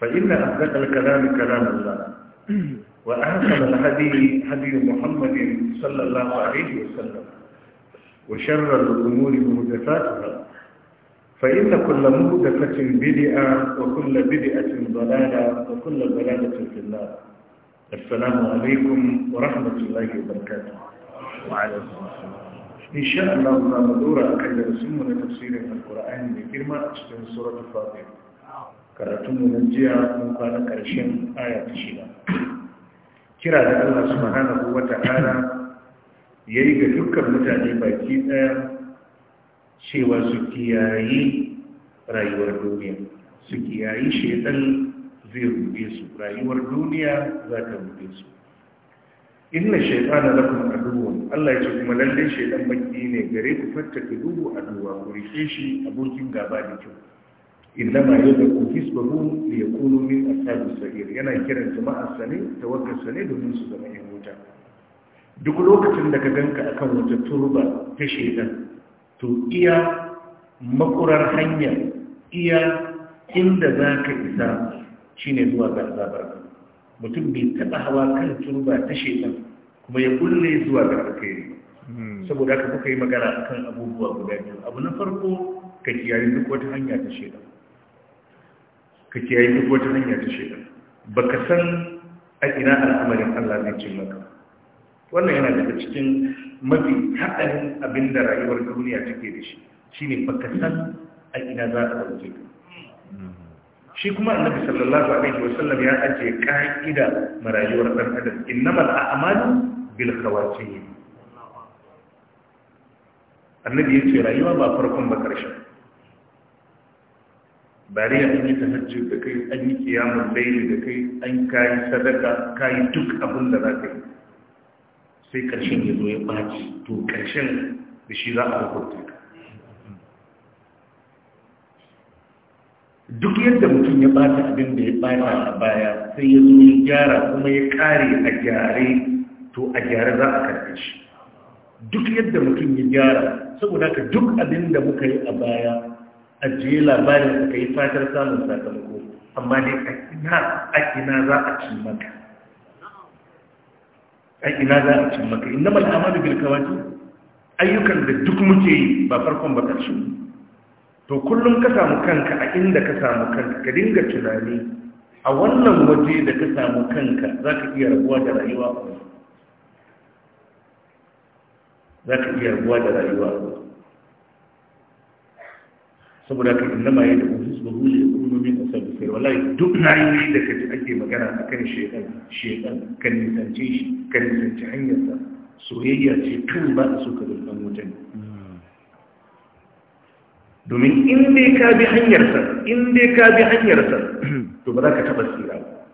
فإن أصدق الكلام كلام الله وأحسن الهدي هدي محمد صلى الله عليه وسلم وشر الأمور مهدفاتها فإن كل مهدفة بدئة وكل بدئة ضلالة وكل ضلالة في الله السلام عليكم ورحمة الله وبركاته وعليكم السلام إن شاء الله نمدور أكد رسمنا تفسير القرآن بكلمة أشتري سورة الفاطر karatunmu na jiya mun kwana ƙarshen aya ta shida kira da Allah subhanahu wa ta'ala yayi ga dukkan mutane baki daya cewa su kiyayi rayuwar duniya su kiyayi shedan zai rufe su rayuwar duniya za ta rufe su inna shaytana lakum aduwwun Allah ya ce kuma lalle shaytan baki ne gare ku fattake duhu aduwa ku rike shi abokin gaba da kyau su babu hisbahu li yakunu min ashabis sa'ir yana kiran jama'ar sane ta tawakkal sa domin su zama yan wuta duk lokacin da ka ganka akan wata turba ta shedan to iya makurar hanya iya inda za ka isa shine zuwa ga azabar mutum bai taba hawa kan turba ta shedan kuma ya kulle zuwa ga alkhairi saboda haka kuka yi magana akan abubuwa guda biyu abu na farko ka kiyaye duk wata hanya ta shedan ka kiyaye duk wata hanya ta shekar ba ka san a ina al'amarin Allah zai ce maka wannan yana daga cikin mafi haɗarin abin da rayuwar duniya take da shi shine ba ka san a ina za a ɗauke ka shi kuma annabi sallallahu alaihi wa sallam ya ajiye ka'ida ma rayuwar ɗan adam a a'malu bil khawatim annabi ya ce rayuwa ba farkon ba ƙarshen bari an ta Hajji da kai an yi kiyamun laili da kai an kayi sadaka kayi duk abin da za ka yi sai ƙarshen ya zo ya ɓaci to ƙarshen da shi za a hukunta ka duk yadda mutum ya ɓata abin da ya ɓata a baya sai ya zo ya gyara kuma ya ƙare a gyare to a gyare za a karɓe shi duk yadda mutum ya gyara saboda ka duk abin da muka yi a baya ajiye labarin ka yi fatar samun sakamako amma dai a ina za a cin maka a ina za a cin maka malama da bilkawati ayyukan da duk muke yi ba farkon ba ƙarshe to kullum ka samu kanka a inda ka samu kanka ka dinga tunani a wannan waje da ka samu kanka za ka iya rabuwa da rayuwa za ka iya rabuwa da rayuwa saboda ka inda ma yadda ofis su hule ya kuma min asar da sai wallahi duk na yi da ji ake magana a kan shekan shekar kan nisance shi kan nisance hanyarsa soyayya ce kan ba a so ka zurfan wutan domin in dai ka bi hanyarsa in dai ka bi hanyarsa to ba za ka taɓa tsira ba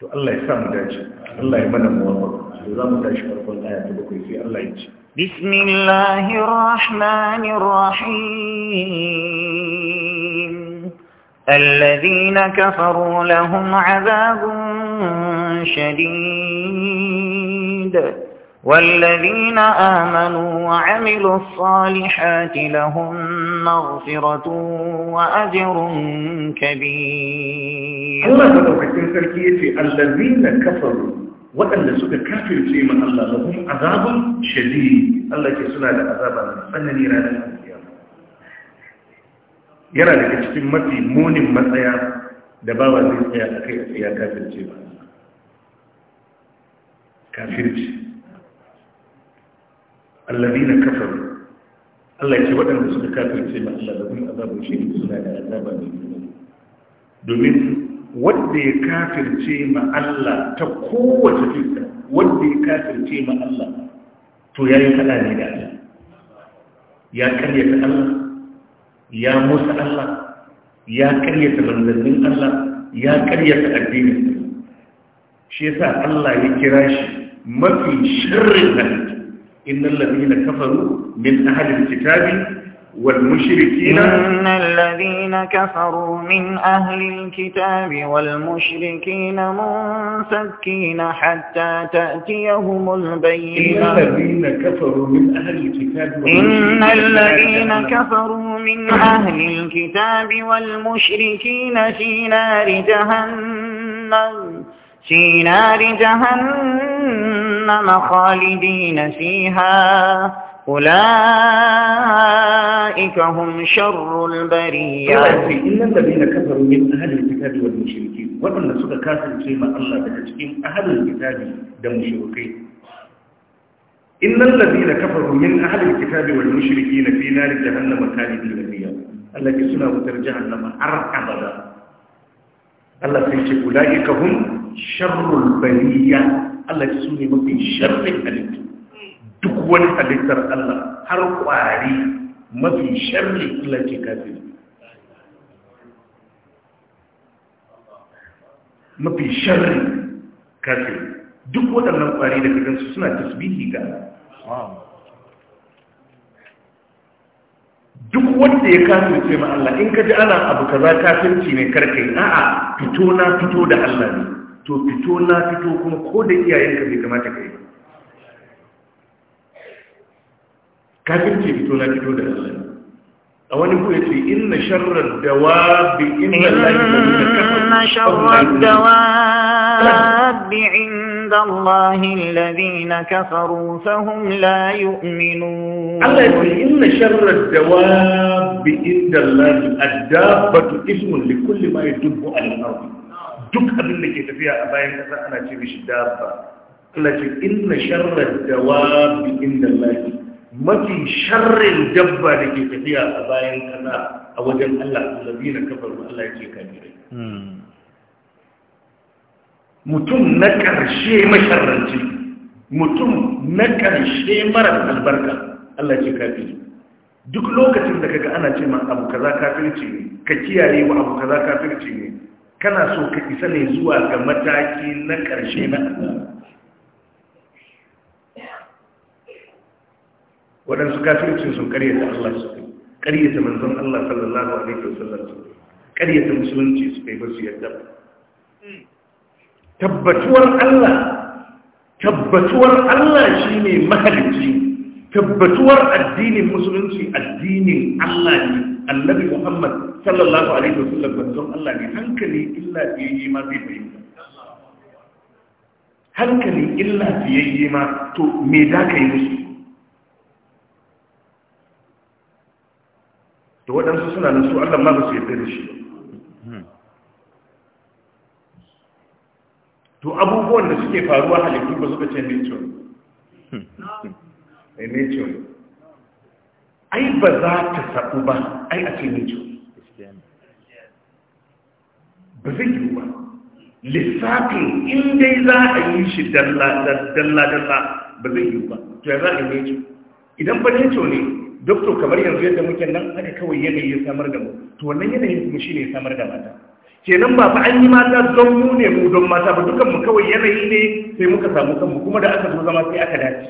to Allah ya sa mu dace Allah ya mana muwafaq to za mu tashi farkon aya ta bakwai sai Allah ya ce بسم الله الرحمن الرحيم الذين كفروا لهم عذاب شديد والذين آمنوا وعملوا الصالحات لهم مغفرة وأجر كبير الذين كفروا waɗanda suka kafirce ma Allah lahum azabun shadid Allah ke suna da azaba na tsanani ranar alkiyama yana daga cikin mafi munin matsaya da bawa zai tsaya a kai a tsaya kafirce ba kafirce allazina kafaru Allah ke waɗanda suka kafirce ma Allah lahum azabun shadid suna da azaba mai domin wanda ya kafirce ma Allah ta kowace fita wanda ya kafirce ma Allah to ya yi faɗa ne da Allah ya karyata Allah ya musa Allah ya karyata manzannin Allah ya karyata addinin shi yasa Allah ya kira shi mafi shirin halittu innal ladina kafaru min ahli alkitabi والمشركين إن الذين كفروا من أهل الكتاب والمشركين منفكين حتى تأتيهم البينة إن الذين كفروا من أهل الكتاب إن الذين كفروا من أهل الكتاب والمشركين في نار جهنم في نار جهنم خالدين فيها أولئك هم شر البرية إن الذين كفروا من أهل الكتاب والمشركين وأن سوى كاسر فيما الله بكتكين أهل الكتاب والمشركين إن الذين كفروا من أهل الكتاب والمشركين في نار جهنم خالدين فيها التي سنة وترجع لما أرقى أبدا الله سيقول أولئك هم شر البرية التي سنة وفي شر البرية duk wani halittar Allah har kwari mafi sharri Allah ke kafi mafi sharri kafi duk waɗannan kwari da su suna tasbihi ga duk wanda ya kafin ce ma Allah in ka ji ana abu kaza kafinci ne karka yi a'a fito na fito da Allah ne to fito na fito kuma ko da iyayenka bai kamata ka yi ba كافر بتونا كتو ده أولي هو إن شر الدواب إن, شر الدواب عند الله الذين كفروا فهم لا يؤمنون الله يقول إن شر الدواب عند الله الدابة اسم لكل ما يدب على الأرض دك أبن لك يتفيها أبايا أنا أتري بش الله يقول إن شر الدواب عند الله mafi sharrin dabba da ke tafiya a bayan kasa a wajen Allah allazi na kafar Allah yake kafirai mutum na ƙarshe masharranci mutum na ƙarshe mara albarka Allah ce kafiri duk lokacin da kaga ana ce ma abu kaza kafirci ne ka kiyaye wa abu kaza kafirci ne kana so ka isa ne zuwa ga mataki na ƙarshe na Allah waɗansu kafircin sun karyata Allah su kai karyata manzon Allah sallallahu alaihi wasallam su karyata musulunci su kai ba su yarda tabbatuwar Allah tabbatuwar Allah shine mahalicci tabbatuwar addinin musulunci addinin Allah ne annabi Muhammad sallallahu alaihi wasallam manzon Allah ne hankali illa yi ma bai fahimta hankali illa yi ma to me za ka yi musu to waɗansu suna nan su Allah ma ba su yarda da shi to abubuwan da suke faruwa halittu ba suka ce nature eh, ne nature ai ba za ta sabu ba ai a ce nature ba zai yi ba lissafin inda za a yi shi dalla-dalla ba zai yi ba to ya za a yi nature idan ba nature ne dokto kamar yanzu yadda muke nan aka kawai yanayi ya samar da mu to wannan yanayin kuma shine ya samar da mata kenan ba fa an yi mata don mu ne mu don mata ba dukan mu kawai yanayi ne sai muka samu kanmu kuma da aka zo zama sai aka dace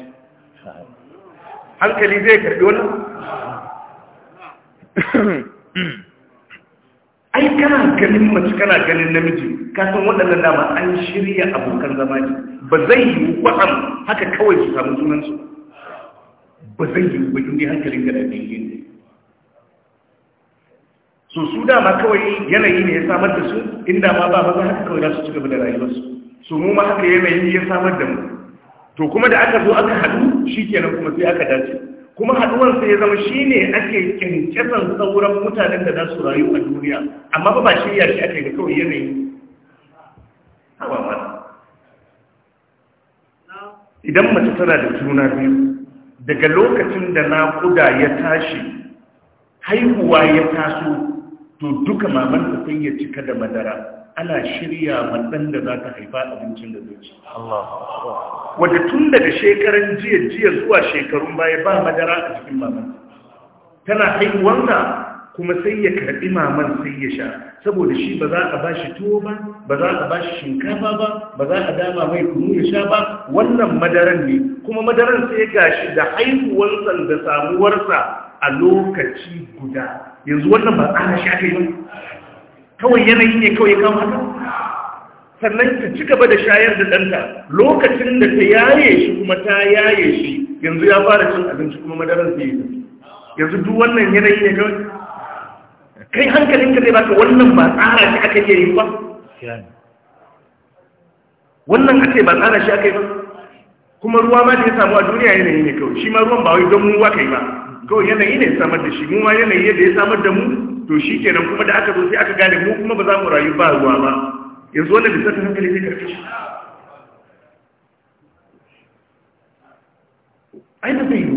hankali zai karbi wannan ai kana ganin mace kana ganin namiji ka waɗannan dama an shirya abokan zama ne ba zai yi wa'am haka kawai su samu sunansu ba zai yi ba inda hankalin da da jirgin ne su su dama kawai yanayi ne ya samar da su inda ma ba maza haka kawai za su ci gaba da rayuwarsu su mu ma haka yanayi ya samar da mu to kuma da aka zo aka haɗu shi kenan kuma sai aka dace kuma haɗuwar sai ya zama shi ne ake kyankyasan sauran mutanen da za su rayu a duniya amma ba ba shirya shi aka yi da kawai yanayi idan mace tana da juna biyu daga lokacin da na naƙuda ya tashi haihuwa ya taso to duka maman ta sai ya cika da madara ana shirya matsan da za ta haifa abincin da zai ci wadda tun daga shekaran jiya jiya zuwa shekarun baya ba madara a jikin maman. tana haihuwar kuma sai ya karɓi maman sai ya sha saboda shi ba za a ba shi tuwo ba ba za a ba shi shinkafa ba ba za a dama mai kunu da sha ba wannan madaran ne kuma madaran sai gashi da haihuwarsa da samuwarsa a lokaci guda yanzu wannan ba tsara shi aka yi kawai yanayi ne kawai kawo haka sannan ta ci gaba da shayar da ɗanta lokacin da ta yaye shi kuma ta yaye shi yanzu ya fara cin abinci kuma madaran sai yi yanzu duk wannan yanayi ne kawai kai hankalinka zai baka wannan ba tsara shi aka yi ba gaskiya wannan ake ba tsara shi aka yi kuma ruwa ma da ya samu a duniya yanayi ne kawai shi ma ruwan ba wai don mu aka yi ba kawai yanayi ne samar da shi mu ma yanayi yadda ya samar da mu to shi kenan kuma da aka zo sai aka gane mu kuma ba za mu rayu ba ruwa ba yanzu wannan bisa ta hankali zai karfi shi ai da zai yi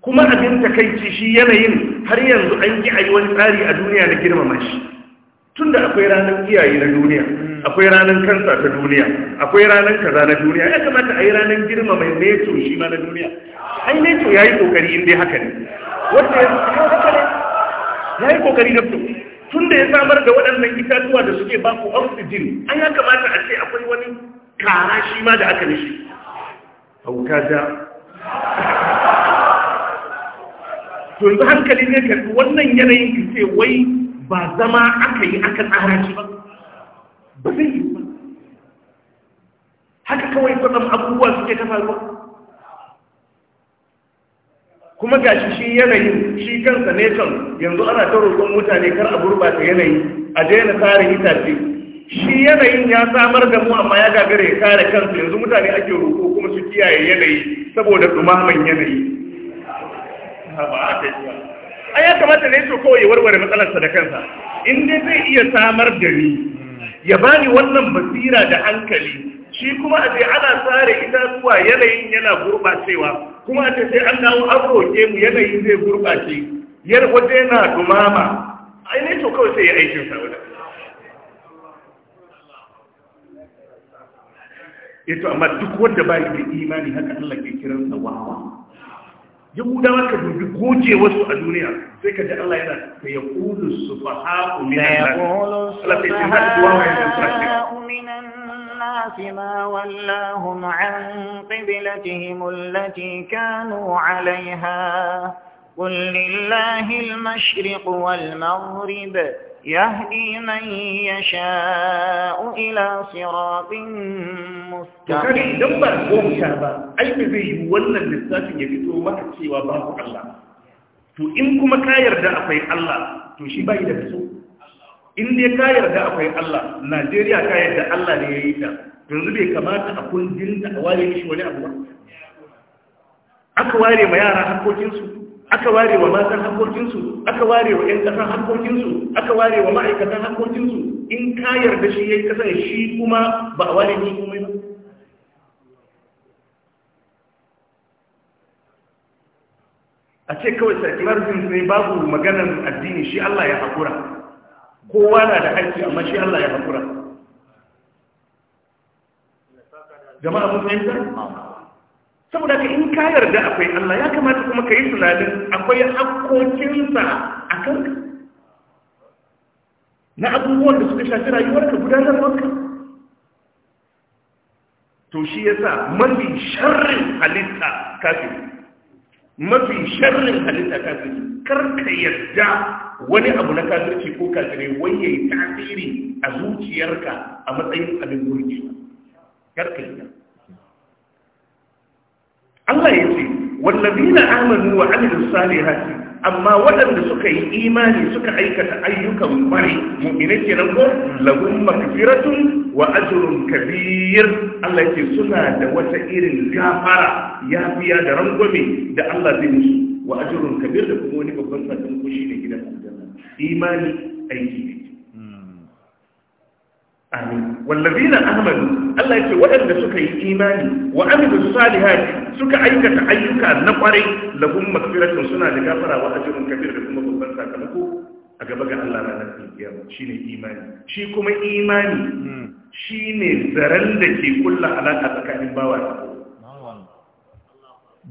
kuma abin takaici shi yanayin har yanzu an yi a yi wani tsari a duniya na girmama shi tun da akwai ranar iyaye na duniya akwai ranar kansa ta duniya akwai ranar kaza na duniya ya kamata a yi ranar girma mai neto shi ma na duniya ai neto ya yi kokari inda haka ne wanda ya yi kokari ya yi kokari na fito tun da ya samar da waɗannan itatuwa da suke ba ku oxygen an ya kamata a ce akwai wani kara shi ma da aka nishi hauka da to yanzu hankali ne karɓi wannan yanayin ce wai ba zama aka yi aka tsara shi ba ba zai yi ba haka kawai kwatsam abubuwa suke ta faruwa kuma gashi shi yanayi shi kansa ne kan yanzu ana ta roƙon mutane kar a gurɓata yanayi a daina tsarin itace shi yanayin ya samar da mu amma ya gagare ya kare kansa yanzu mutane ake roƙo kuma su kiyaye yanayi saboda ɗumaman yanayi a ya kamata ne so kawai ya warware matsalarsa da kansa in dai zai iya samar da ni ya bani wannan basira da hankali shi kuma a ce ana tsare zuwa yanayin yana gurɓacewa kuma a ce sai an dawo an mu yanayin zai gurɓace yar waje na dumama ai ne to kawai sai ya aikin sa wada eh amma duk wanda ba da imani haka Allah ke kiransa wawa yahudawa ka dubi gogewarsu a duniya sai ka ji Allah yana da ya kulu su faha uminan الناس ما ولاهم عن قبلتهم التي كانوا عليها قل لله المشرق والمغرب يهدي من يشاء إلى صراط مستقيم idan ba goma sha ba ai ba zai yi wannan lissafin ya fito maka cewa ku Allah to in kuma ka yarda akwai Allah to shi bai da so in dai ka yarda akwai Allah Najeriya ka yarda Allah ne ya yi ta yanzu bai kamata a kundin da a ware shi wani abu ba aka ware ma yara hakokinsu aka ware wa matan haƙoƙinsu aka ware wa 'yan ƙasa haƙoƙinsu aka ware wa ma'aikatan haƙoƙinsu in ka yarda shi ya yi ƙasa shi kuma ba a ware ni kuma ba a ce kawai secularism ne babu maganar addini shi Allah ya haƙura kowa na da haƙƙi amma shi Allah ya haƙura jama'a mun fahimta saboda ka in ka yarda akwai Allah ya kamata kuma ka yi tunanin akwai hakkokinsa a kanka na abubuwan da suka shafi rayuwarka ka. to shi ya sa mafi sharrin halitta kafin mafi sharrin halitta kafin karka yarda wani abu na kafirci ko kafirai wai ya yi tasiri a zuciyarka a matsayin abin gurgi karka yarda Allah ya ce wallazina amanu wa amilus salihati amma waɗanda suka yi imani suka aikata ayyukan bari mu'minin nan ko lahum maghfiratun wa ajrun kabir Allah ya ce suna da wata irin gafara yafiya da rangwame da Allah zai musu wa ajrun kabir da kuma wani babban sakamako ne gidan aljanna imani aiki ne amin wallazina amanu Allah yake waɗanda suka yi imani wa amilu salihati suka aikata ayyuka na kwarai lahum magfiratun suna da gafara wa ajrun kabir da kuma babban sakamako a gaba ga Allah ranar kiyama shine imani shi kuma imani hmm. shine zaran da ke kulla alaka tsakanin bawa da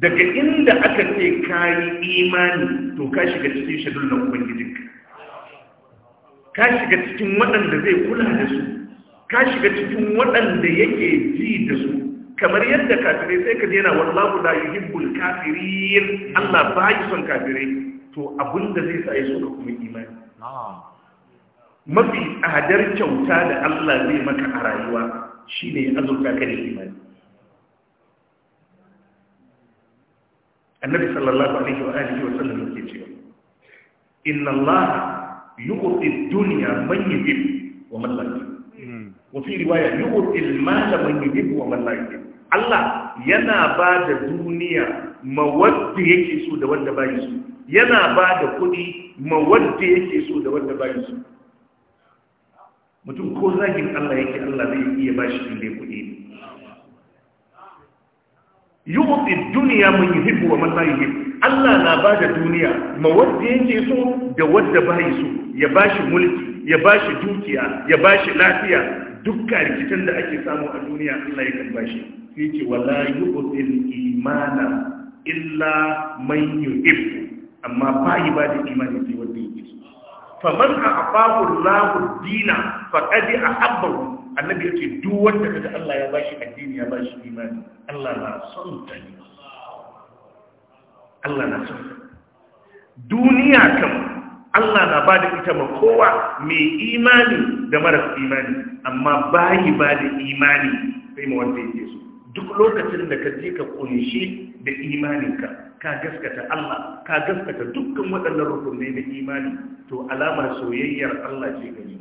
daga inda aka ce kayi imani to ka shiga cikin shadul na ubangijinka ka shiga cikin waɗanda zai kula da su ka shiga cikin waɗanda yake ji da su kamar yadda kafirai sai ka wa wallahu la yuhibbul kafirin Allah ba ya son kafirai to abinda zai sa ya so ka kuma imani mafi tsadar kyauta da Allah zai maka a rayuwa shine azurta ka da imani annabi sallallahu alaihi wa alihi wa sallam yake cewa inna Allah yu'ti ad-dunya man yuhibbu wa man la وفي رواية يؤتي man من يحب ومن لا يحب Allah yana ba da duniya ma wadda yake so da wanda bayi so yana ba da kuɗi ma wadda yake so da wanda bayi so mutum ko zagin Allah yake Allah zai iya ba shi inda ya kuɗi ne yuɓi duniya man yi hibu wa man la yuhib Allah na ba da duniya ma wadda yake so da wadda bayi so ya ba shi mulki ya ba shi dukiya ya ba shi lafiya dukkan rikitan da ake samu a duniya Allah ya kamba bashi sai ce wala yu'til imana illa man yuhibbu amma bai ba da imani sai wanda yake so fa a a'afahu Allahu dina faqad ahabbahu annabi yace duk wanda kaga Allah ya bashi addini ya bashi imani Allah na son ta ne Allah na son duniya kam Allah na ba da ita ma kowa mai imani da maras imani amma bayi ba da imani sai ma wanda yake so duk lokacin da ka je ka kunshi da imaninka ka gaskata Allah ka gaskata dukkan waɗannan rukunai na imani to alamar soyayyar Allah ce gani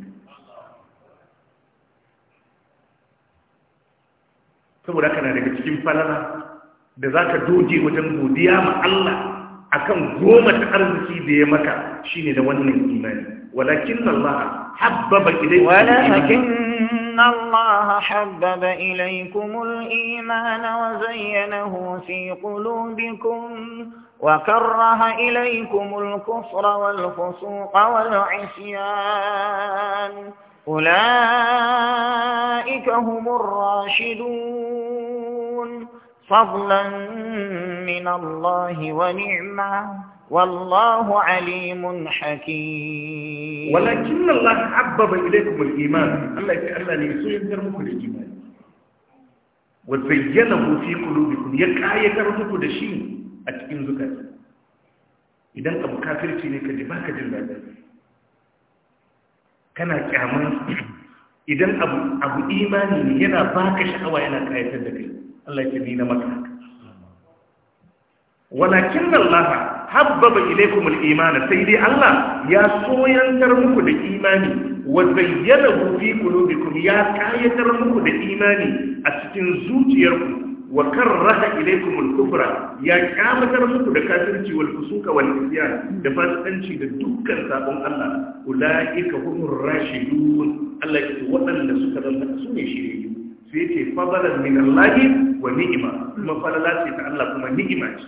saboda kana daga cikin falala da za ka doje wajen godiya ma Allah akan goma ta arziki da ya maka shine da wannan imani walakin Allah habbaba ilaykum walakin Allah habbaba ilaykum al-iman wa zayyanahu fi qulubikum وكره إليكم الكفر والفسوق والعصيان أولئك هم الراشدون فضلا من الله ونعمة والله عليم حكيم ولكن الله حبب إليكم الإيمان الله يتألى ليسوء يرمكم الإيمان وزينه في قلوبكم يكاية رمكم دشين أتكين زكاة إذا أنت مكافر تيني كجباك جلالة كان كامان إذا أبو, أبو إيماني ينا باكش أو ينا كايتا دكين Allah ya nuna maka walakin Allah habbaba ilaykum al-iman sai dai Allah ya soyantar muku da imani wa zayyanahu fi qulubikum ya kayatar muku da imani a cikin zuciyarku wa karraha ilaykum al-kufra ya kamatar muku da kafirci wal fusuka wal isyan da fasikanci da dukkan sabon Allah ulaika humur rashidun Allah ya ce waɗanda suka zama su ne sai ce fadalan min Allah wa ni'ima kuma falala ce ta Allah kuma ni'ima ce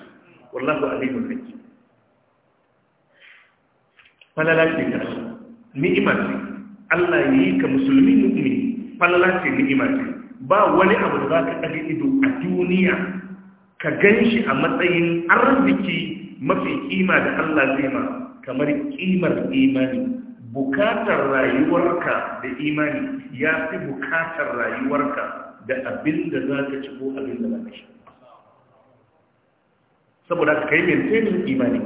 wallahu alimul hakim falala ce ta Allah ni'ima ce Allah yi ka musulmi mu'mini falala ce ni'ima ce ba wani abu da zaka kaje ido a duniya ka ganshi a matsayin arziki mafi kima da Allah zai ma kamar kimar imani bukatar rayuwarka da imani ya fi bukatar rayuwarka da abin da za ka ci ko abin da za ka saboda ka yi maintainin imani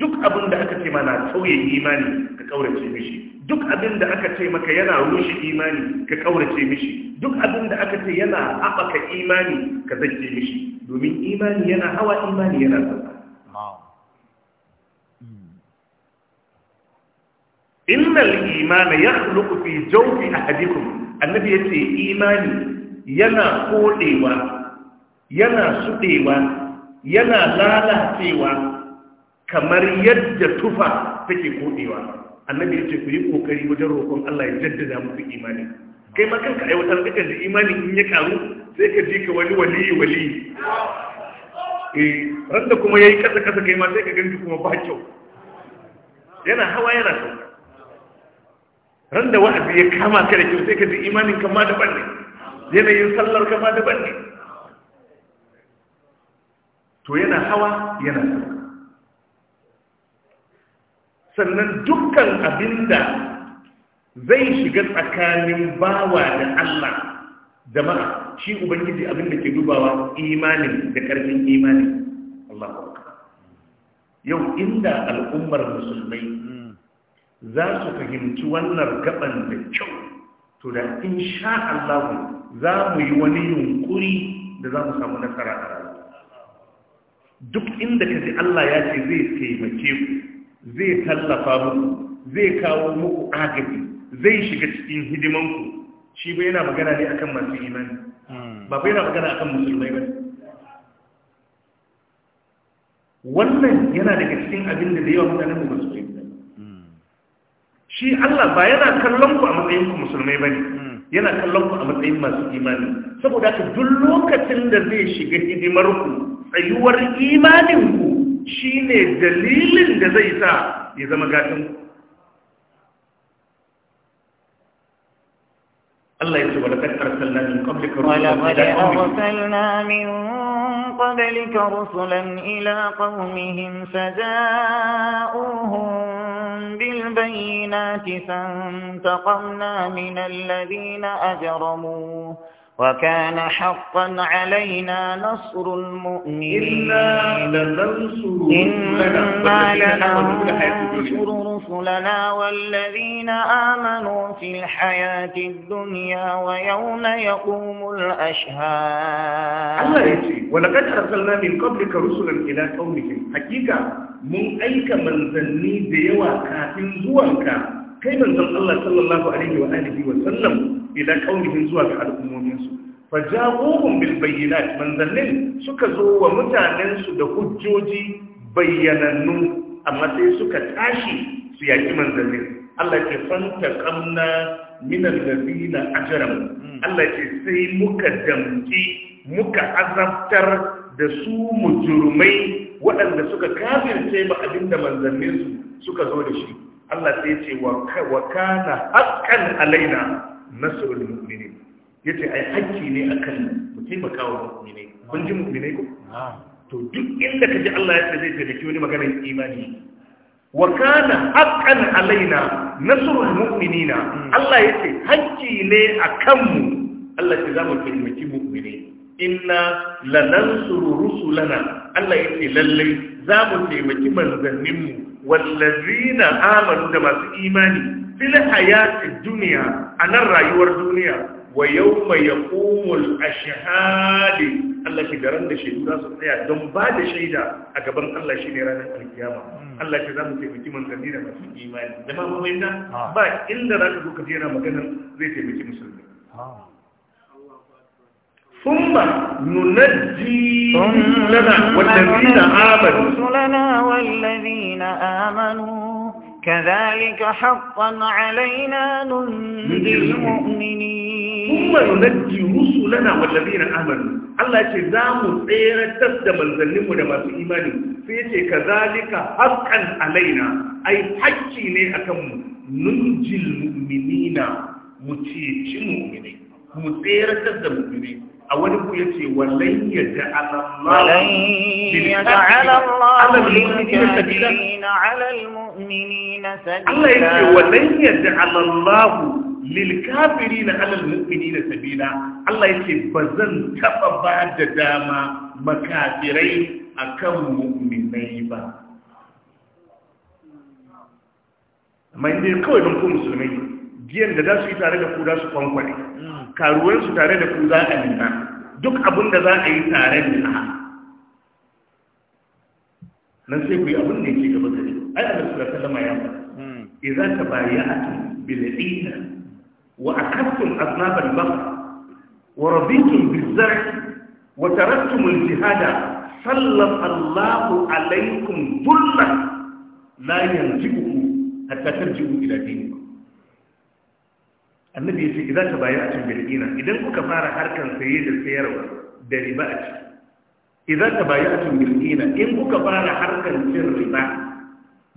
duk abin da aka ce mana sauye imani ka kaurace mishi duk abin da aka ce maka yana rushe imani ka kaurace mishi duk abin da aka ce yana haɓaka imani ka zance mishi domin imani yana hawa imani yana sauka innal imana yakhluqu fi jawfi ahadikum annabi yace imani yana kodewa yana sudewa yana lalacewa kamar yadda tufa take kodewa annabi yace ku yi kokari wajen roƙon Allah ya jaddada muku imani kai ma kanka aiwatar da imani in ya karu sai ka ji ka wani wali wali eh randa kuma yayi kasa kasa kai ma sai ka ganki kuma ba kyau yana hawa yana sauka ran da wa'azi ya kama ka da kyau sai ka ji imanin ka ma daban ne yanayin sallar ka ma daban ne to yana hawa yana sauka sannan dukkan abin da zai shiga tsakanin bawa da Allah jama'a shi ubangiji abin da ke dubawa imanin da karfin imanin Allah yau inda al'ummar musulmai za su fahimci wannan gaban da kyau to da insha Allah za mu yi wani yunkuri da za mu samu nasara a rayuwa duk inda ka ji Allah ya ce zai taimake ku zai tallafa muku zai kawo muku agaji zai shiga cikin hidimanku shi bai yana magana ne akan masu imani ba bai yana magana akan musulmai ba wannan yana daga cikin abin da da yawa mutanen mu ba su ba. shi Allah ba yana kallon ku a matsayin ku musulmai bane hmm. yana kallon ku a matsayin masu imani saboda ka duk lokacin da zai shiga hidimar ku tsayuwar imanin ku shine dalilin da zai sa ya zama gatin ku Allah ya ce wa laqad arsalna min ولقد أرسلنا من قبلك رسلا إلى قومهم فجاءوهم بالبينات فانتقمنا من الذين أجرموا وكان حقا علينا نصر المؤمنين إنا لننصر رسلنا والذين آمنوا في الحياة الدنيا ويوم يقوم الأشهاد الله يجي ولقد أرسلنا من قبلك رسلا إلى قومهم حقيقة من أيك منزلني ديوا كافٍ زوانك كيف أنزل الله صلى الله عليه وآله وسلم ila qaumihim zuwa ga al'ummominsu fajabuhum bil bayyana, manzannin suka zo wa mutanensu da hujjoji bayyanannu amma sai suka tashi su yaki manzannin Allah ke fanta kamna min allazina ajramu Allah ke sai muka damki muka azabtar da su mujurmai waɗanda suka kafirce ba abinda manzannin suka zo da shi Allah sai ce wa kana haqqan alaina nasrul Ya ce ai hakki ne akan mu taimaka wa mu'mini kun ji mu'mini ko to duk inda ka ji Allah ya ce zai taimaki wani maganar imani wa kana haqqan alaina nasrul mu'minina hmm. Allah yace hakki ne akan mu Allah ya zamu taimaki mu'mini inna lanansuru rusulana Allah yace lallai zamu taimaki manzanninmu wallazina amanu da masu imani في الحياة الدنيا أنا الرأي والدنيا ويوم يقوم الأشهاد التي درند شهدنا سبحانه دم بعد شهيدا أكبر الله شهيدا من القيامة الله كذا متي من كثيرا من الإيمان دم ما مهمنا بعد إن درك كثيرا مكان ريت متي مسلم ثم ننجي لنا والذين لنا والذين آمنوا كذلك حقا علينا ننجي المؤمنين ثم ننجي رسلنا والذين آمنوا الله يقول زامو سيرة تسدم الظلم لما في إيمانه فيتي كذلك حقا علينا أي حجي لأكم ننجي المؤمنين متيتي مؤمنين متيرة تسدم المؤمنين a wani ku yace wallan ya ja'ala Allah Allah yake wallan ya ja'ala Allah lil kafirina ala al mu'minina sabila Allah ya yake bazan taba ba da dama makafirai akan mu'minai ba amma inda kawai don ku musulmai biyan da za su yi tare da ku za su kwankwane karuwansu tare da ku za a nuna duk abin da za a yi tare da a nan sai ku yi abin da yake gaba gari ai a nasu da salama ya ba hmm. idan ta bayi a tun biladina wa a kastun asnabar ba wa rabitun bizar wa tarattumul jihada sallam allahu alaikum dullan la yanzu uku hatta tarji'u ila dinikum annabi ya ce idan ta bayi a cin bil'ina idan kuka fara harkar saye da sayarwa da riba a ci idan ta bayi a cin bil'ina in kuka fara harkar cin riba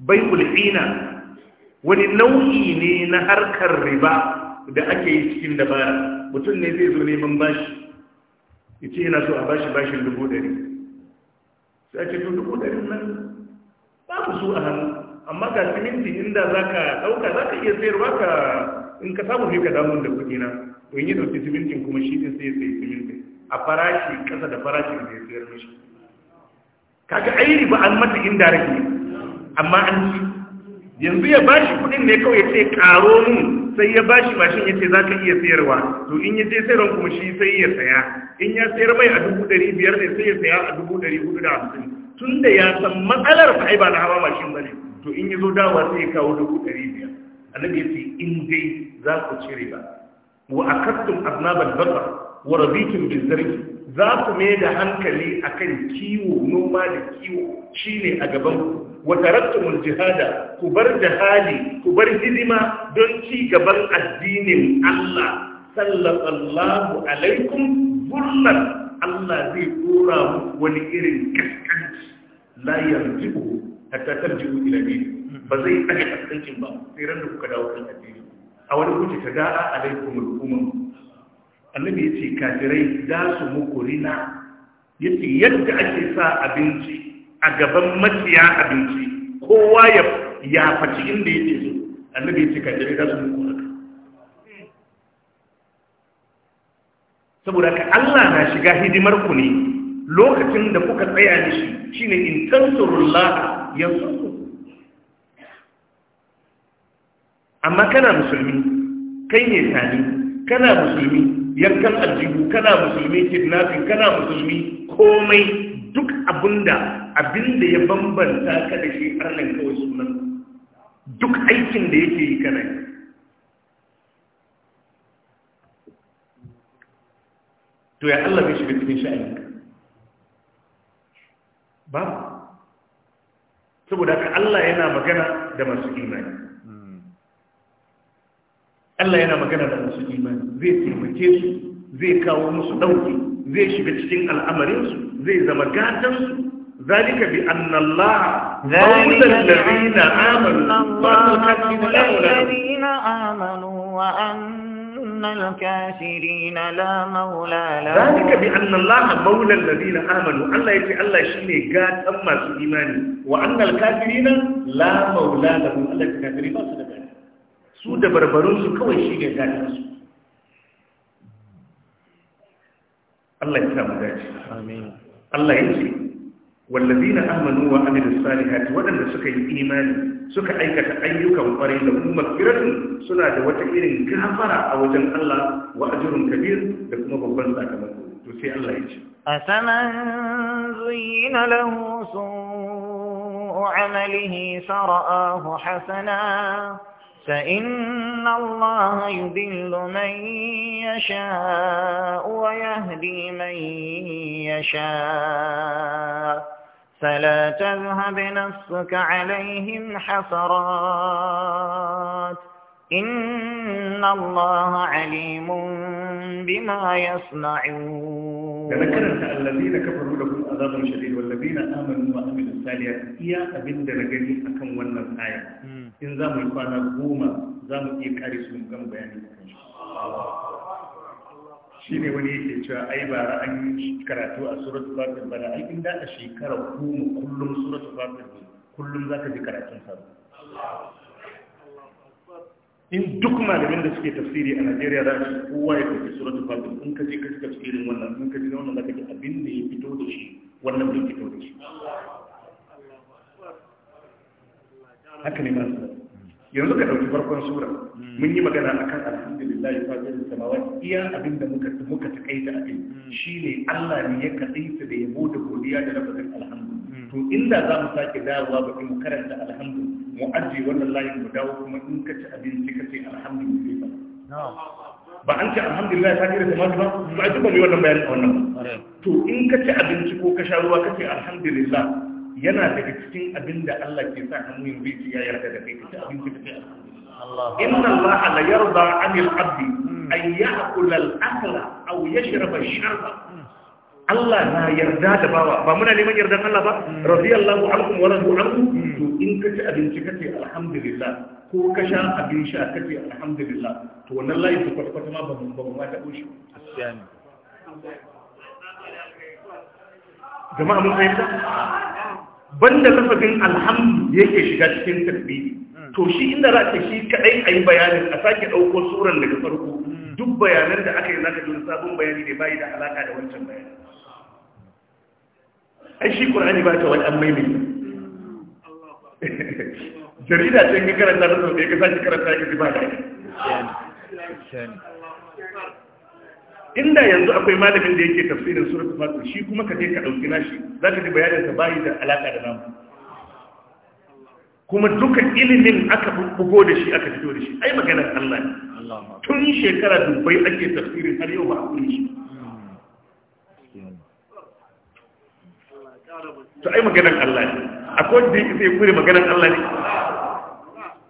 bai ul'ina wani nau'i ne na harkar riba da ake yi cikin dabara mutum ne zai zo neman bashi ya ce yana so a bashi bashin dubu ɗari sai ce to dubu dari nan babu su a hannu amma ga siminti inda za ka ɗauka za ka iya sayarwa ka in ka samu sai ka damu da kuɗi na to in yi ɗauki simintin kuma shi ɗin sai ya sayi simintin a farashi kasa da farashi da ya sayar mishi kaga aini ba an mata inda rake, amma an ci yanzu ya bashi kuɗin ne kawai ya ce karo mun sai ya bashi mashin ya ce za ka iya sayarwa to in ya je sayarwa kuma shi sai ya saya in ya sayar mai a dubu ɗari biyar ne sai ya saya a dubu ɗari hudu da hamsin tun da ya san matsalar ba ai ba na hawa mashin ba ne to in ya zo dawa sai ya kawo dubu ɗari biyar annabi ya ce in dai za ku cire ba, wa akattum aznabal baqar wa rabitum bil zarki za ku mai da hankali akan kiwo noma da kiwo shine a gaban ku wa jihada ku bar jihadi ku bar hidima don ci gaban addinin Allah sallallahu alaikum zullan Allah zai dora muku wani irin kaskanci la yarjibu hatta tarji'u ila dinikum ba zai ɗaga kaskancin ba sai ran da kuka dawo kan addini a wani kuce ta da'a alaikum al'umma annabi yace kafirai za su muku rina yace yadda ake sa abinci a gaban maciya abinci kowa ya ya faci inda yake so annabi yace kafirai za su muku haka saboda ka Allah na shiga hidimar ku ne lokacin da kuka tsaya da shi shine in tansurullah yanzu amma kana musulmi kai ne sani kana musulmi yankan aljihu kana musulmi kidnapping kana musulmi komai duk abinda abinda ya bambanta ka da shi arnan kawai sunan duk aikin da yake yi kana yi to ya Allah bai shiga cikin sha'ani ba saboda ka Allah yana magana da masu imani Allah yana magana da masu imani zai taimake su zai kawo musu ɗauki zai shiga cikin al'amarinsu zai zama gatansu ذلك بأن الله مولى الذين آمنوا الذين آمنوا وأن الكافرين لا مولى لهم ذلك بأن الله مولى الذين آمنوا الله يتي الله شيني قاد أما سيماني وأن الكافرين لا مولى لهم الله الكافرين ما صدقاني su da barbarunsu kawai shi ne gadinsu Allah ya samu dace Allah ya ce wallazina amanu wa amilus salihati waɗanda suka yi imani suka aikata ayyukan kwarai da kuma magfiratu suna da wata irin gafara a wajen Allah wa ajrun kabir da kuma babban sakamako to sai Allah ya ce asaman zuyyina lahu su'u amalihi sara'ahu hasana فإن الله يضل من يشاء ويهدي من يشاء فلا تذهب نفسك عليهم حسرات إن الله عليم بما يصنعون ذكرت الذين كفروا لهم عذاب شديد والذين آمنوا وأمنوا الصالحات يا أبن درجني أكم ونن آية in za mu yi kwana goma za mu iya kare su mu gama bayani kan shi ne wani yake cewa ai bara an karatu a suratul fatir bana ai in da a shekara goma kullum suratul fatir kullum za ka ji karatun sa in duk malamin da suke tafsiri a Najeriya za su kowa ya kafi suratul fatir in ka je ka ji tafsirin wannan in ka ji wannan za ka ji abin da ya fito da shi wannan bai fito da shi haka ne masu yanzu ka ɗauki farkon sura hmm. mun yi magana akan alhamdulillah ya fajar da samawa iya abin da muka muka takaita hmm. shi ne Allah ne ya kadaita da yabo da godiya da lafazin alhamdu hmm. to inda za mu sake dawowa ba mu karanta alhamdu mu aje wannan layin mu dawo kuma in ka ci abinci ka ce alhamdu ne ba ba an ce alhamdulillah ta kira samadu ba ba a ji ba mu yi wannan bayani a wannan to in ka ci abinci ko ka sha ruwa ka ce alhamdulillah yana daga cikin abin da Allah ke sa hannu yin bai ya yarda da kai kace abin da kai inna Allah la yarda 'anil 'abdi hmm. an ya'kula al-akla aw yashraba ash-sharba hmm. Allah na yarda da bawa ba muna neman yarda Allah ba hmm. radiyallahu ankum wa radu ankum to in kace abinci kace alhamdulillah ko ka sha abin sha kace alhamdulillah to wannan layi su kwatkwata ma ba ba ma ta doshi jama'a mun fahimta banda kasafin alhamdu yake shiga cikin tarbi hmm. to shi inda za ta shi kadai a yi bayanin a sake ɗauko tsoron daga farko hmm. duk bayanan da aka yi za ka ji sabon bayani ne bayi da alaƙa da wancan bayani ai shi ƙur'ani ba ta wani an ne. jarida ta yi karanta da sau da ya kasance karanta ya ji ba da inda yanzu akwai malamin da yake tafsirin suratul fatir shi kuma ka je ka dauki nashi zaka ji bayanin sa bai da alaka da namu kuma dukan ilimin aka bugo da shi aka fito da shi ai maganar Allah ne tun shekara dubai ake tafsirin har yau ba a kuri shi to ai maganar Allah ne akwai da yake sai kuri maganar Allah ne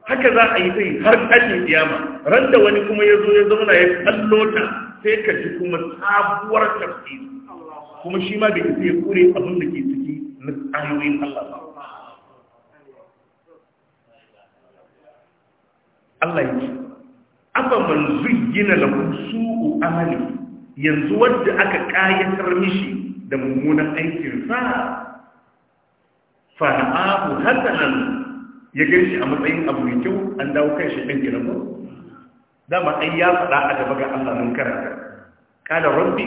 haka za a yi sai har kashin kiyama ran da wani kuma ya zo ya zauna ya kallo ta sai ka ji kuma sabuwar tafsiri kuma shi ma bai isa ya kure abin da ke ciki na ayoyin Allah ba Allah ya ce Aba man zuyyina lahu su'u amali yanzu wanda aka kayatar mishi da mummunan aikin sa fa'abu hasanan ya gaishe a matsayin abu mai kyau an dawo kai shi ɗan gidan dama ai ya faɗa a gaba ga Allah mun karanta qala rabbi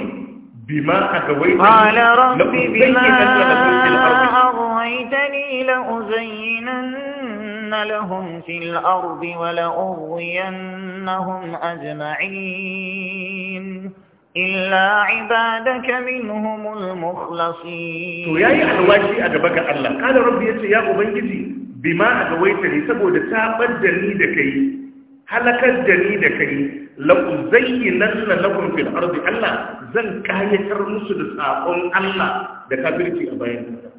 bima agawaita qala rabbi bima agawaitani la uzayyinanna lahum fil ardi wa la ughwiyannahum ajma'in إلا عبادك منهم المخلصين تو ياي حواشي أجبك الله قال ربي يا أبنجتي بما أغويتني سبو دتا بدني دكي halakar da ni da kai la'uzayyinan na lagun fil arzi Allah zan kayatar musu da saƙon Allah da kafirci a bayan kasa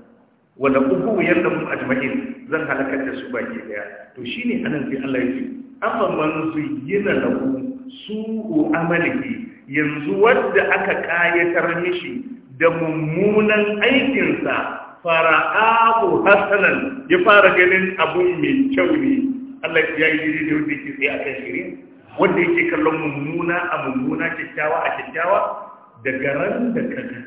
wanda uku yadda mu ajma'in zan halakar da su baki daya to shine anan sai Allah ya ce afa man zuyyina lahu su'u amalihi yanzu wanda aka kayatar mishi da mummunan aikinsa fara'ahu hasanan ya fara ganin abun mai kyau ne Allah ya yi jiri da wanda yake tsaye a kan shirya wanda yake kallon mummuna a mummuna kyakkyawa a kyakkyawa daga ran da kaga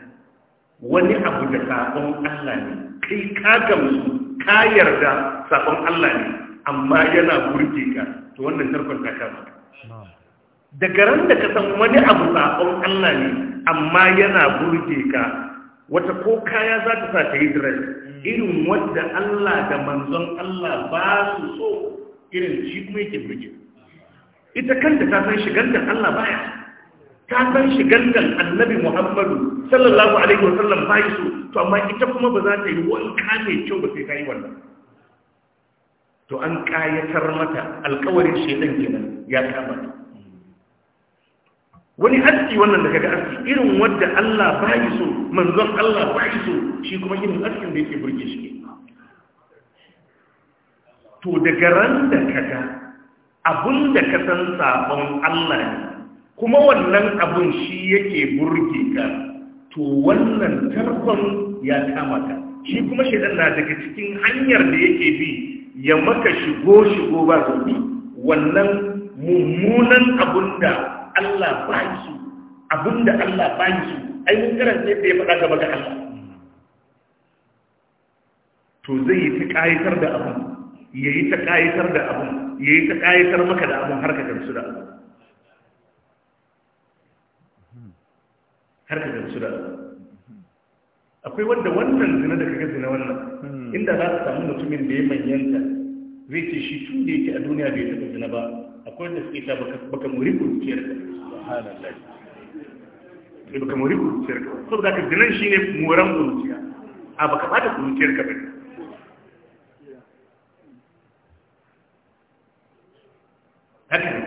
wani abu da sakon Allah ne kai ka gamsu ka yarda sakon Allah ne amma yana burge ka to wannan tarkon ta kama daga ran da ka san wani abu sakon Allah ne amma yana burge ka wata ko kaya za ta sa ta yi dress irin wadda Allah da manzon Allah ba su so irin shi kuma yake burge ita kanta ta san shigantar Allah baya ta san shigantar annabi Muhammadu sallallahu alaihi wa sallam baya su to amma ita kuma ba za ta yi wanka mai kyau ba sai ta yi wannan to an kayatar mata alkawarin shedan kenan ya kama wani aski wannan da kaga aski irin wanda Allah baya so manzon Allah baya so shi kuma irin askin da yake burge shi to daga ran da ka ga abunda da ka san sabon Allah ne kuma wannan abun shi yake burge ka to wannan tarkon ya kama ka shi kuma shaidan na daga cikin hanyar da yake bi ya maka shigo shigo ba zubi wannan mummunan abun da Allah ba su abun da Allah ba su ai mun karanta yadda ya faɗa gaba ga Allah to zai yi ta ƙayatar da abin ya yi ta ƙayatar da abin ya yi ta ƙayatar maka da abin har ka gamsu da abin har ka gamsu da abin akwai wanda wannan zina da kaga zina wannan hmm. inda za ka samu mutumin da ya manyanta zai ce shi tun da yake a duniya bai taɓa zina ba akwai wanda suke ta baka muri kurciyar ka baka muri kurciyar ka saboda ka zinan shi ne moran kurciya a baka bata kurciyar ka bai haka ne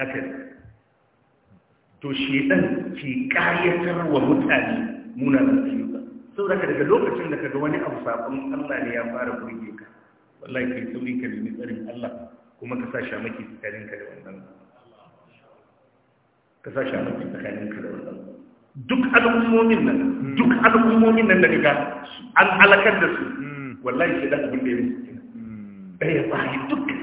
haka ne to shedan ke kayatar wa mutane muna da ayyuka sau da daga lokacin da kaga wani abu sabon Allah ne ya fara burge ka wallahi ke sauri ka nemi tsarin Allah kuma ka sa shamaki tsakanin ka da wannan ka sa shamaki tsakanin ka da wannan duk al'ummomin nan duk al'ummomin nan da kaga an alakar da su hmm. wallahi shedan abin da ya musu hmm. ɗaya bayan duk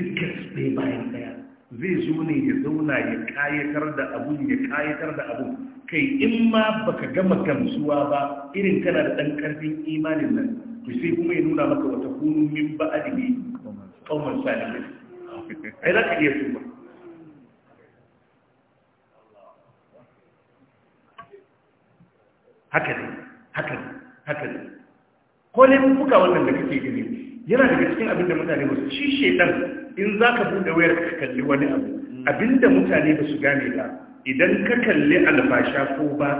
dukkan ɗaya bayan ɗaya. zai zo ne ya zauna ya kayatar da abun ya kayatar da abun kai in ma baka gama gamsuwa ba irin kana da ɗan ƙarfin imanin nan to sai kuma ya nuna maka wata kunu min ba'adihi qauman salimai ai za ka iya tuba haka ne haka ne haka ne ko ne muka wannan da kake gani yana daga cikin abin da mutane musu shi shedan in za ka buɗe wayar ka kalli wani abu abinda mutane ba su gane ba idan ka kalli albasha ko ba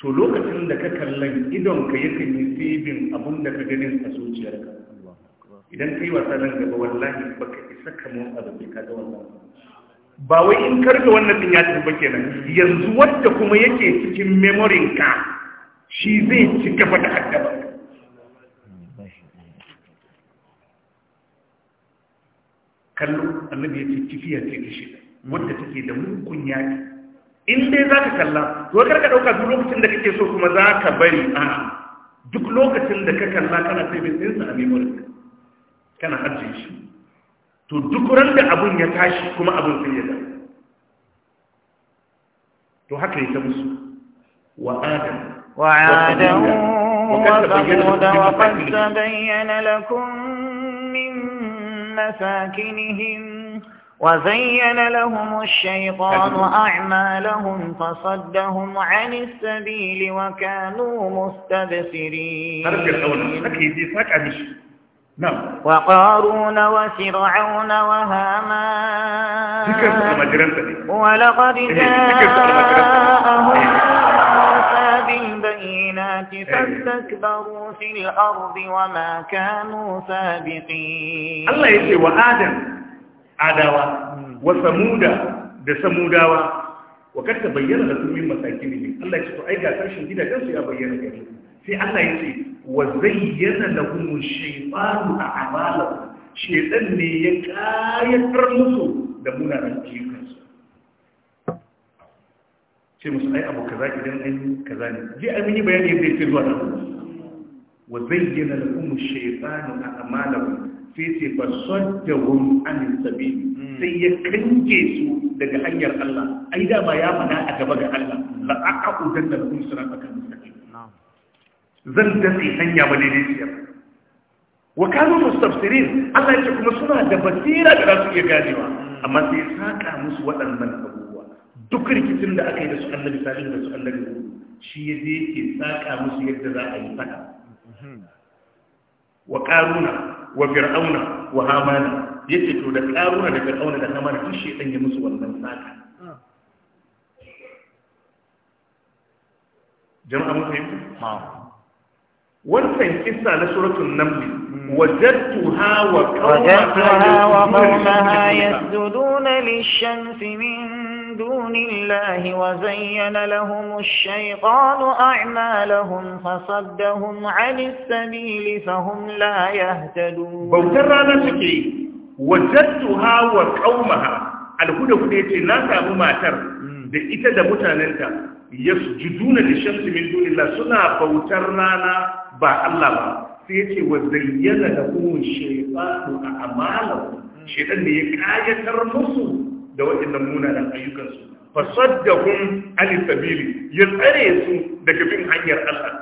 to lokacin da ka kallon idon ka kan yi sibin abin da ka ganin a ka idan ka yi wasa nan gaba wallahi ba ka isa kamar abu sai ka ga wannan ba wai in karga wannan din ya ci ba kenan yanzu wadda kuma yake cikin memorin ka shi zai ci gaba da haddaba kallo annabi ya ce kifiya ce da shi wadda take da mugun yaki in dai za ka kalla to kar ka ɗauka duk lokacin da kake so kuma za ka bari a duk lokacin da ka kalla kana sai bin ɗinsa a memory kana ajiye shi to duk ran da abun ya tashi kuma abun sai ya dawo to haka yake musu wa adam wa adam wa qad bayyana lakum min مساكنهم وزين لهم الشيطان أعمالهم فصدهم عن السبيل وكانوا مستبصرين نعم. وقارون وفرعون وهامان ولقد جاءهم موسى بالبشر بالبينات فاستكبروا في الأرض وما كانوا سابقين الله يسي وآدم عداوة وثمود دسموداوة وقد تبين لكم من مساكنهم الله يسي أيها ساشن جدا جنسي أبين لكم في الله يسي وزين لهم الشيطان أعمالهم شيطان ne ya kayatar musu da munanan ayyuka ce musu ai abu kaza idan an yi kaza ne je an yi bayani yadda yake zuwa da wa zayyana lakum shaytanu a'malahum sai ce fa saddahum an sabil sai ya kange su daga hanyar Allah ai da ba ya fada a gaba ga Allah la aqudan lakum siratan mustaqim zan dace hanya ba daidai ce wa kanu mustafsirin Allah ya ce kuma suna da basira da za su iya ganewa amma sai ya saka musu waɗannan abu duk rikicin da aka yi da su annabi salihu da su annabi shi ya je ke saka musu yadda za a yi saka wa karuna wa fir'auna wa hamana yace to da karuna da fir'auna da hamana duk shi ya musu wannan saka jama'a mun fahimta wannan kissa na suratul naml wajadtuha wa qawmaha yasjuduna lish-shamsi min دون الله وزين لهم الشيطان أعمالهم فصدهم عن السبيل فهم لا يهتدون بوترى نسكي وزدتها وقومها الهدى كنت لا تعلم ما تر لإتى دمتا ننتا يسجدون للشمس من دون الله سنة بوترنا با الله با سيتي وزين لهم الشيطان أعمالهم شيطان يكاية ترمسوا da waɗannan munanan ayyukansu fasaddahum Ali sabili ya tsare su daga bin hanyar Allah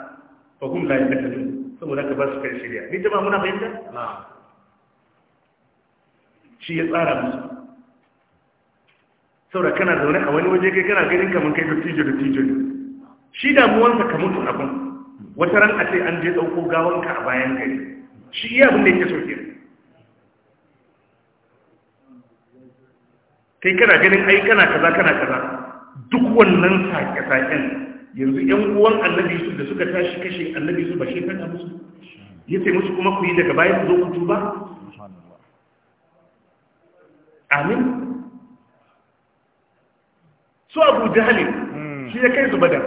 fa hum la yahtadun saboda ka ba su kai shirya ni jama'a muna Na. shi ya tsara musu saboda kana zaune a wani waje kai kana ganin kamar kai da tijo da tijo shi damuwarsa ka mutu abin wata ran a sai an je dauko gawanka a bayan gari shi iya bin da yake so ke kai kana ganin ai kana kaza kana kaza duk wannan sake-saken yanzu yan uwan annabi su da suka tashi kashe annabi su ba shi fada musu ya ce musu kuma ku yi daga baya ku zo ku tuba amin su abu jahalin hmm. shi ya kai su Bada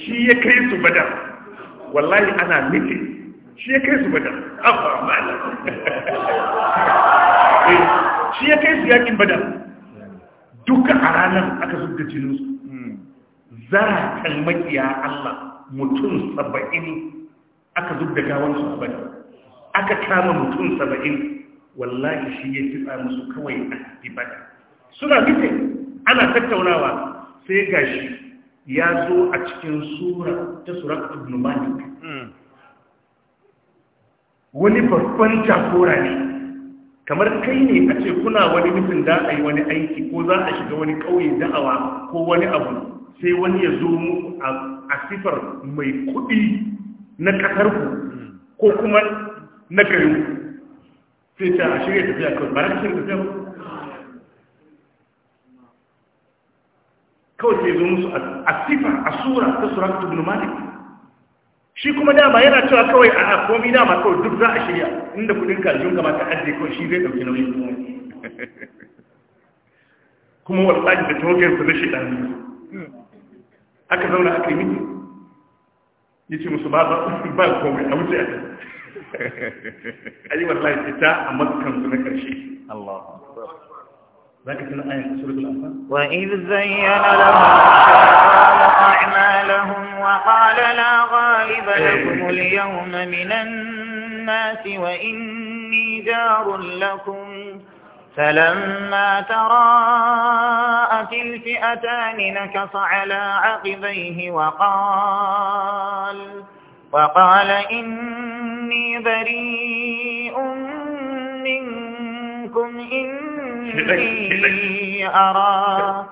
shi ya kai su Bada wallahi ana nufi shi ya kai su Bada abu amma shi ya kai su yakin badar duka a ranar aka zubda jininsu zaratan makiya Allah mutum saba'in aka zubda gawansu a badar aka kama mutum saba'in wallahi shi ya kitsa musu kawai a haɗi badar suna bite ana tattaunawa sai gashi ya zo a cikin sura ta sura ibn malik hmm. wani babban jagora ne kamar kai ne a ce kuna wani mutum da a yi wani aiki ko za a shiga wani ƙauye da'awa ko wani abu sai wani ya zo mu a sifar mai kuɗi na ku ko kuma na gari sai ta a shirya tafiya kawai ba na shirya tafiya ba kawai sai zo musu a sifa a sura ta suratun numanin shi kuma dama yana cewa kawai a komi dama kawai duk za a shirya inda kudin kajiyun gama ta ajiye kawai shi zai ɗauki nauyi kuma wata wallahi da togensu na shiɗan aka zauna aka yi miki ya ce musu ba ba komai a wuce a yi wallahi fita a matsakansu na ƙarshe Allah وإذ زين لهم الشيطان أعمالهم وقال لا غالب إيه. لكم اليوم من الناس وإني جار لكم فلما تراءت الفئتان نكص على عقبيه وقال وقال إني بريء منكم إني إني أرى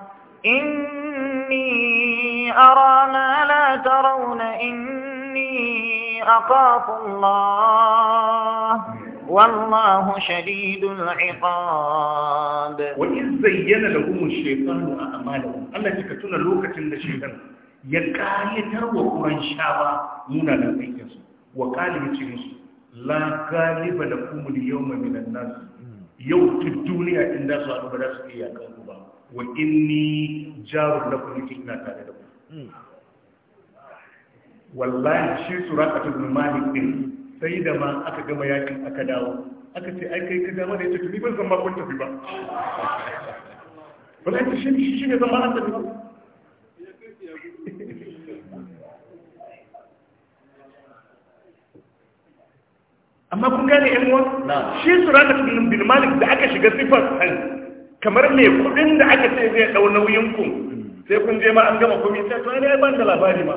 إني أرى ما لا ترون إني أخاف الله والله شديد العقاب وإذ زين لهم الشيطان أعمالهم الله تكتون لوكة الشيطان يكايتر وقرنشابا منا لأيكس وقال يتنسوا لا غالب لكم اليوم من الناس yau ta duniya in da su haɗu ba za su iya kan ku ba wa inni jarun na kuma yake ina tare da ku wallahi shi su raka ta malik din sai da ma aka gama yakin aka dawo aka ce ai kai ka dawo da yace ni ban san ma kun tafi ba wallahi shi shi ne zama an tafi ba amma kun gane yan uwa shi suraka ibn bin malik da aka shiga sifar hal kamar me kudin da aka ce zai dau nauyin ku sai kun je ma an gama komai sai to ai ban da labari ma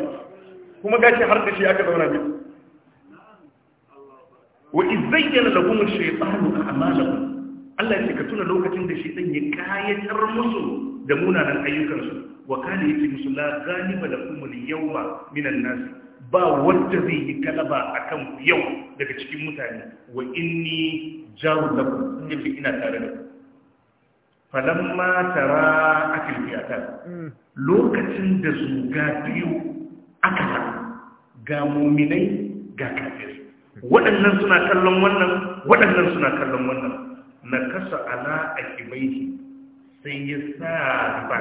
kuma gashi har da shi aka zauna bi wa izayyana lahum ash-shaytanu a'malahum Allah ya ka tuna lokacin da shaytan ya kayatar musu da munanan ayyukansu wa kana yati musu la ghaliba lakum al-yawma minan nas ba wanda zai yi kalaba a kan yau daga cikin mutane wa inni jaru da ku in ina tare da ku falamma tara a fiyata hmm. lokacin da zuga biyu aka ga muminai ga kafir waɗannan suna kallon wannan waɗannan suna kallon wannan na kasa ala a akibaihi sai ya sa ba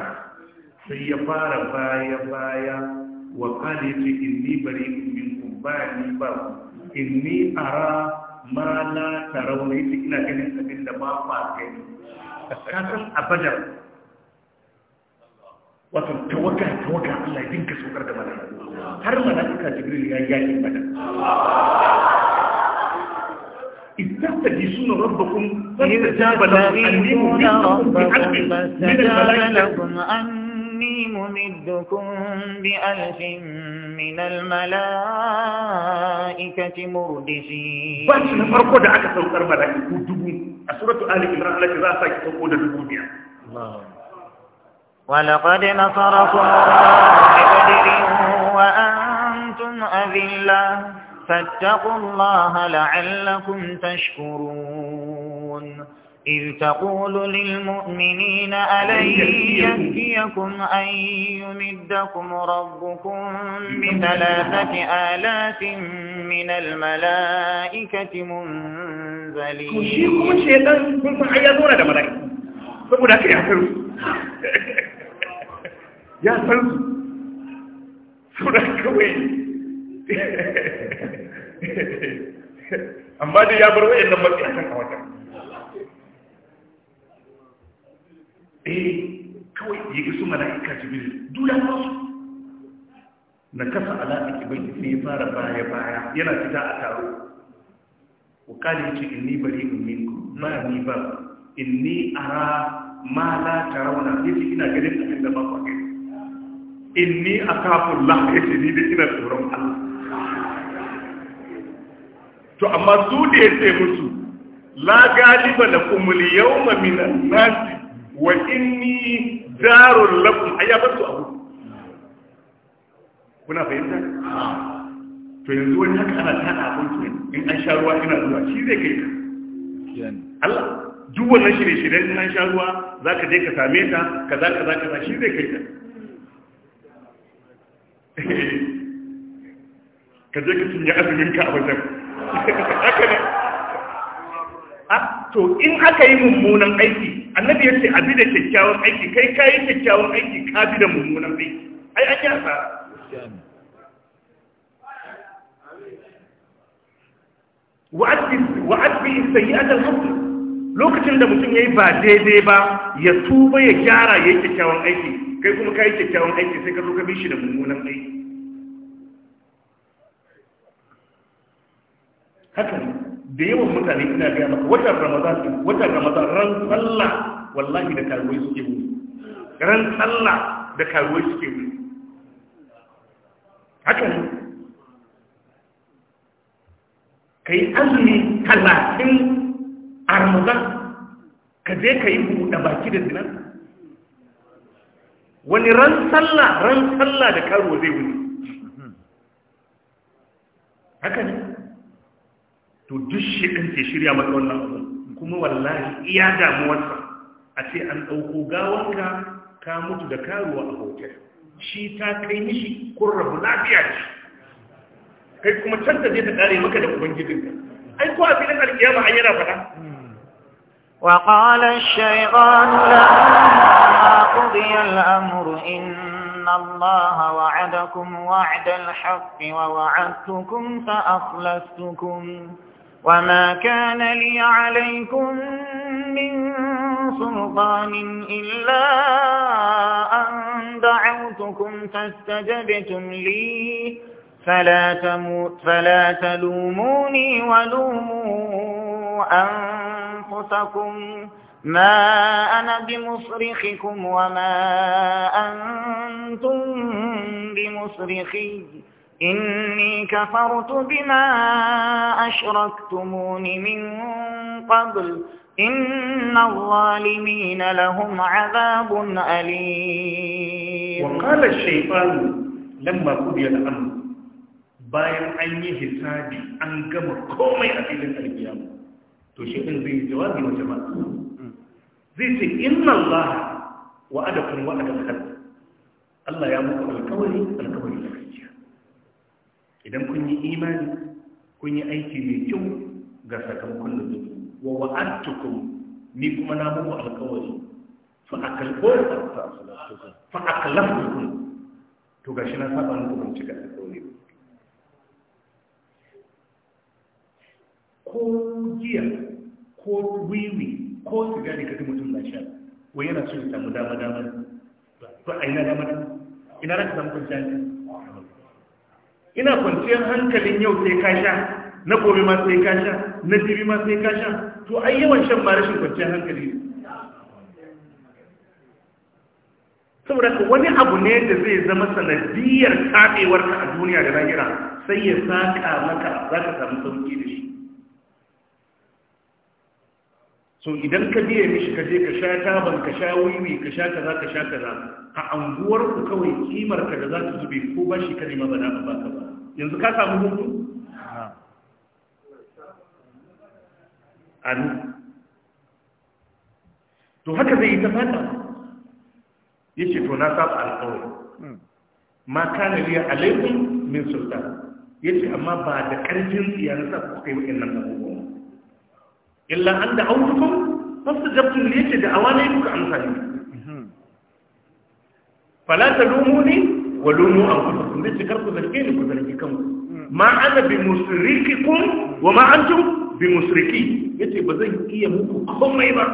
sai ya fara baya baya wa qala yace inni bari'un minkum ba ni ba inni ara ma la tarawna yace ina ganin abin da ba fa kai, ka san abadar wato tawaga tawaga Allah ya dinka saukar da malaka har malaka jibril ya yaki mata تستجيسون ربكم فاستجاب لهم أنكم بقلب من الملائكة إني ممدكم بألف من الملائكة مردفين سورة آل إمران التي ولقد نصركم الله بقدر وأنتم أذلة فاتقوا الله لعلكم تشكرون إذ تقول للمؤمنين ألن يكفيكم أن يمدكم ربكم بثلاثة آلاف من الملائكة منزلين أمبادي يا بروين لما تحسن أوجه kibiri duk ya kwasu na kasa alaƙa kibiri ne ya fara baya-baya yana fita a taro wakali ce ni bari in umminku ba ni ba In ni ara ma la ya ce ina ganin abin da ba In ni inni akafu Allah ce ni da ina tsoron Allah to amma su da ce musu la galiba da kumuli yau ma minan nasi wa inni darul lakum aya su abu kuna fahimta to yanzu wani haka ana tana abun to in an sha ruwa ina zuwa shi zai kai ka Allah duk wannan shirye shiryen in an sha ruwa zaka je ka same ta kaza kaza kaza shi zai kai ka ka je ka cinye azumin ka a wajen haka ne to in aka yi mummunan aiki annabi ya ce bi da kyakkyawan aiki kai ka yi kyakkyawan aiki ka bi da mummunan aiki ai an yi asara wa'adbi sayyi'atul hukm lokacin da mutum yayi ba daidai ba ya tuba ya gyara yayi kyakkyawan aiki kai kuma kai kyakkyawan aiki sai ka zo ka bi shi da mummunan aiki haka ne da yawan mutane ina gaya maka watan ramadan watan ramadan ran sallah wallahi da karuwai suke wuri ran sallah da karuwai suke wuri haka ne ka yi azumi talatin a ramadan ka je ka yi buɗe baki da zinan wani ran sallah ran sallah da karuwa zai wuni haka ne to duk shi ɗin ke shirya maka wannan abu kuma wallahi iya damuwarsa a ce an ɗauko gawanka ka mutu da karuwa a hotel shi ta kai mishi kun rabu lafiya ce kai kuma can da zai ta ƙare maka da ubangijinka ai ko a filin alƙiyama an yana faɗa وقال الشيطان لما قضي الأمر إن الله وعدكم وعد الحق ووعدتكم فأخلفتكم وما كان لي عليكم من سلطان إلا أن دعوتكم فاستجبتم لي فلا, تموت فلا تلوموني ولوموا أنفسكم ما أنا بمصرخكم وما أنتم بمصرخي إني كفرت بما أشركتمون من قبل إن الظالمين لهم عذاب أليم وقال الشيطان لما قضي الأمر bayan an yi hisabi an gama komai a filin alkiyama to shi ɗin zai jawabi wa jama'a zai ce inna Allah wa'adakum wa'adal khalq Allah ya muku alkawari alkawari idan kun yi imani kun yi aiki mai kyau ga sakamakon da zuwa wa wa'adtukum ni kuma na muku alkawari fa ta. fa akalaftukum to gashi na saba muku ban cika alkawari ko giya ko wiwi ko sigari ga mutum na sha wai yana so ya samu dama dama Ba a na dama dama ina raka samu kwanciyar ina kwanciyar hankalin yau sai ka sha na gobe ma sai ka sha na jibi ma sai ka sha to ai yawan shan ma rashin kwanciyar hankali ne saboda ka wani abu ne da zai zama sanadiyar taɓewar ka a duniya da lahira sai ya saƙa maka za ka samu sauƙi da shi so idan ka biya mishi ka je ka sha taban ka sha wiwi ka sha kaza ka sha kaza a anguwar ku kawai kimar ka da za ta zube ko ba shi kare ma ba ba ka yanzu ka samu hutu an to haka zai yi ta fata yace to na saba alƙawari hmm. ma kana liya alaikum min sultan yace amma ba da ƙarfin tsiya na sa ku kai wa'annan abubuwa illa an da autukum jabtun ya ce da awa ne duka amsa ne lumu talumuni wa lumu anfusakum zai cikar ku zarge ne ku zarge kanku ma ana bi kun wa ma antum bi musriki yace ba zan iya muku komai ba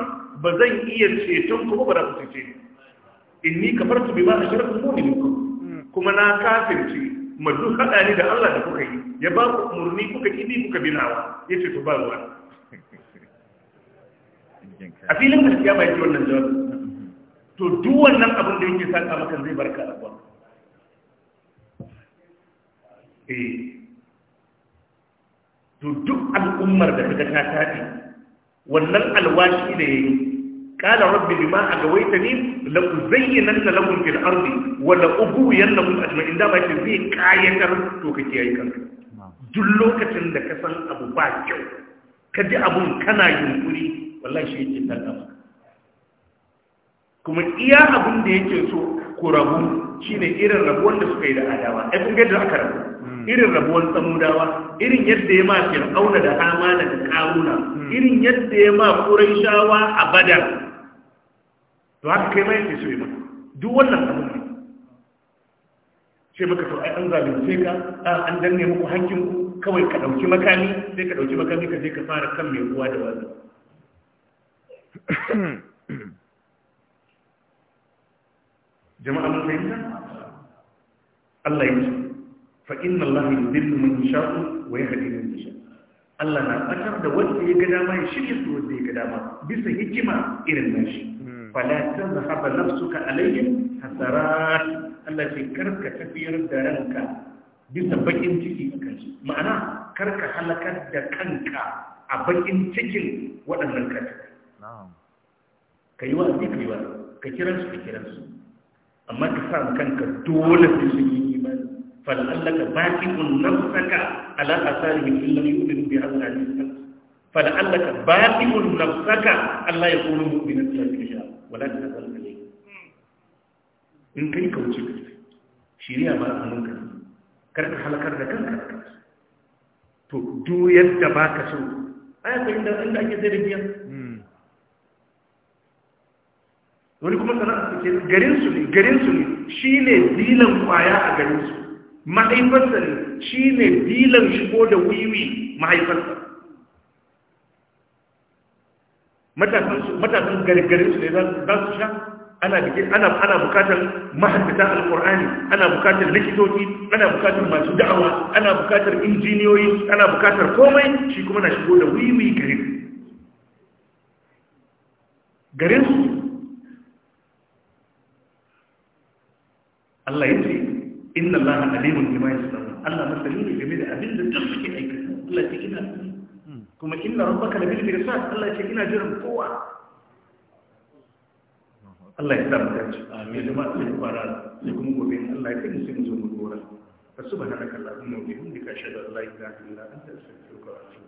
ba zan iya ceton ku ba da ku cece ni inni kafartu bima ashrakum minkum kuma na kafirci ma duk hada ni da Allah da kuka yi ya ba ku umurni kuka kidi kuka binawa yace to ba ruwa a filin gaskiya bai ji wannan jawabi to duk wannan abin da yake saka maka zai barka a gwan eh. to duk al'ummar da kaga ta taɗi wannan alwashi da yayi قال رب بما أغويتني لأزينن لهم في الأرض ولأبوين لهم أجمعين da ba ce zai kayatar to kake yayi kanka duk lokacin da ka san abu ba kyau ka ji abun kana yunkuri wallahi shi yake tallama kuma iya abin da yake so ku rabu shine irin rabuwan da suka yi da adawa ai kun gaida aka rabu irin rabuwan samudawa irin yadda ya ma fir'auna da hama da karuna irin yadda ya ma quraishawa a badar to haka kai ma yake so yi duk wannan abin ne sai maka to ai an zalunce ka an danne muku hakkin kawai ka dauki makami sai ka dauki makami ka je ka fara kan mai ruwa da wani jama'a mun fahimta Allah ya ce fa inna Allah yudillu man yasha'u wa yahdi man yasha'u Allah na tsakar da wanda ya ga dama ya shirya su wanda ya ga dama bisa hikima irin nashi hmm. fala tazhaba nafsuka alayhim hasarat Allah ce karka tafiyar da ranka bisa bakin ciki akan su ma'ana karka halakar da kanka a bakin cikin waɗannan kanta ka yi wa ka yi wa ka kiransu ka kiransu amma ka sa kanka dole sai sun yi imani fal'allaka baqi'un nafsaka ala asarihim illam yu'minu bi hadha al-hadith fal'allaka baqi'un nafsaka Allah ya kunu mu'minan ta kiya wala ta zalale in kai ka wuce ka shiriya ba hannun ka kar ka halakar da kanka to duk yadda ba ka so ayatin da inda ake zai da biya hmm. wani kuma sana'ar su ke garinsu ne garinsu ne shi ne dilan kwaya a garinsu mahaifarsa ne shi ne dilan shigo da wiwi mahaifarsa matasan garinsu ne za su sha ana bukatar mahaifata alkur'ani ana bukatar likitoci ana bukatar masu da'awa ana bukatar injiniyoyi ana bukatar komai shi kuma na shigo da wiwi garin garinsu Allah ya ce inna Allah alimun bima yasnaun Allah masani ne game da abin da duk suke aikata Allah ya ce ina hmm. kuma inna rabbaka labil mirsad Allah ya ce ina jiran kowa Allah ya samu dace amin da masu yin fara sai kuma gobe Allah ya kai mu sai mu zo mu dora subhanaka allahumma wa bihamdika ashhadu an la ilaha illa anta astaghfiruka wa atubu